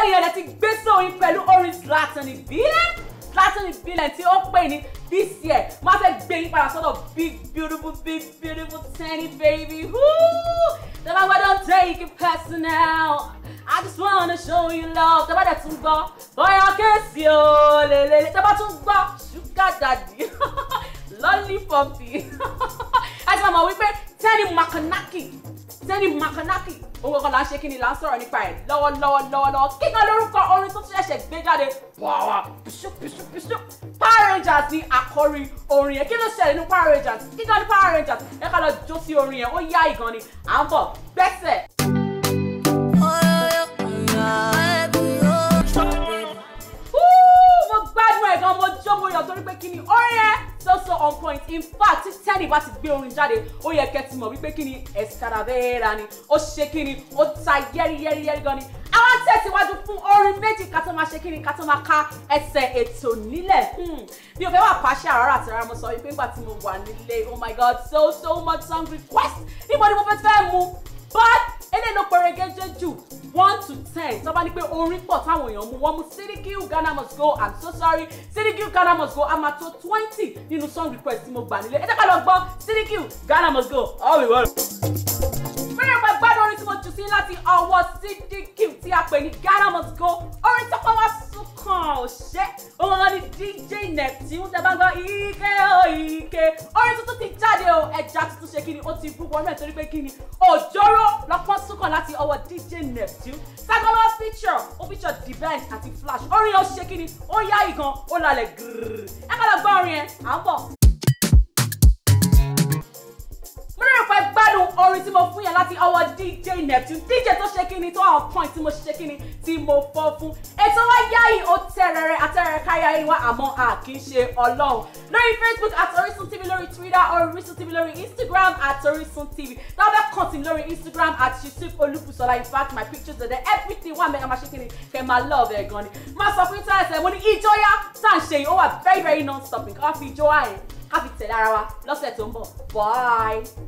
orin rẹ̀ ti gbé sórin pẹ̀lú orin Zlatan Ibrahimovic Zlatan Ibrahimovic tí ó pè ní this year máa fẹ́ gbé yín padà sọ́dọ̀ big beautiful big beautiful tiny baby tẹ́lá wẹ́ don take it personal I just wanna show you love tẹ́lá dẹ̀ tún gbọ́ bóyá kéèsì o lélẹ́lẹ́ tẹ́lá tún gbọ́ sugar daddy lollipopi ẹ ti máa mọ̀ wípé tẹ́ni makanaki tẹ́ni makanaki owó kan là ń ṣe kí ni là ń sọ̀rọ̀ nípa ẹ̀ lọ́wọ́lọ́wọ́ lọ́wọ́lọ́wọ́ kíkan lórúkọ orin tó tún ṣẹ̀ṣẹ̀ gbé jáde wàwà píṣú píṣú píṣú Power Rangers ni àkọ́rí orin yẹn kí ló ṣẹlẹ̀ nínú Power Rangers kíkan ní Power Rangers ẹ ká lọ jó sí orin yẹn ó yá ìgan ni gbẹ́sẹ̀ wípé kí ni ó yẹ so-so on point in fact tí tẹ́lì bá ti gbé orin jáde ó yẹ kẹ́ ti mọ̀ wípé kí ni ẹ̀sìkàdàbẹ́ẹ́ra ni ó ṣe kí ni ó ta yẹ́rìyẹ́rìyẹ́rì gan ni àwọn tẹ̀síwájú fún orin méjì ká tó máa ṣe kí ni ká tó máa ká ẹsẹ̀ ètò nílẹ̀ hmm. mi ò fẹ́ wà pàṣẹ àrárá àti rárá mo sọ wípé nígbà tí mo wà nílé oh my god so so much song request níbo ni mo fẹ́ fẹ́ mu but eléyìí ló pẹrẹgẹjẹ jù to ten tó bá ní pé orin pọ̀ táwọn èèyàn mú wọ́n mú sídíkìú Ghana must go I'm so sorry sídíkìú Ghana must go a máa tó twenty nínú song request tí mo gbà nílé ẹ jẹ́ ká lọ gbọ́ sídíkìú Ghana must go all we want. fẹ́rẹ̀ pẹ́ gbádùn orin tí mo jù sí láti ọwọ́ sídíkìú tí a pè ní Ghana must go orin tó pọ̀ wá sí ọ̀ṣẹ́ òun ni DJ Neptune tẹ́ bá gbọ́ ike o ike orin tuntun ti jáde o ẹja tuntun ṣe kíni ó ti bú wọnú ẹ̀ torí pé kíni òjòrò lọ́pọ̀ súnkàn láti ọwọ́ DJ Neptune sagolo feature ó feature D'banj àti Flash orin ó ṣe kíni ó yá ìgan ó lálẹ́ gírírì ẹ kọ́ lọ gbọ́ orin yẹn à ń bọ̀. orin tí mo fún yẹn láti ọwọ́ DJ Neptune DJ tó ṣe kíni tó àwọn point tí mo ṣe kíni tí mo fọ́ fún ètò wa yáyì tẹ́rẹrẹ atẹ́rẹrẹ káyà yín wá àmọ́ a kì í ṣe ọlọ́run lórí facebook at orisun tv lórí twitter orisun tv lórí instagram at orisun tv tábẹ́ kọ́ntìn lórí instagram at youtube olúbùsọ̀lá in fact my pictures are there everything wà mẹ́ta máa ṣe kí ni kẹ́ máa love ẹ̀ gan ni máa sọ fún internet ẹ̀ mo ní ìjọyà tá à ń ṣe yìí ó wà very very non-stopping ká fi ìjọ àyè ká fi tẹ̀lé ara wa lọ́sẹ̀ tó ń bọ̀ bye.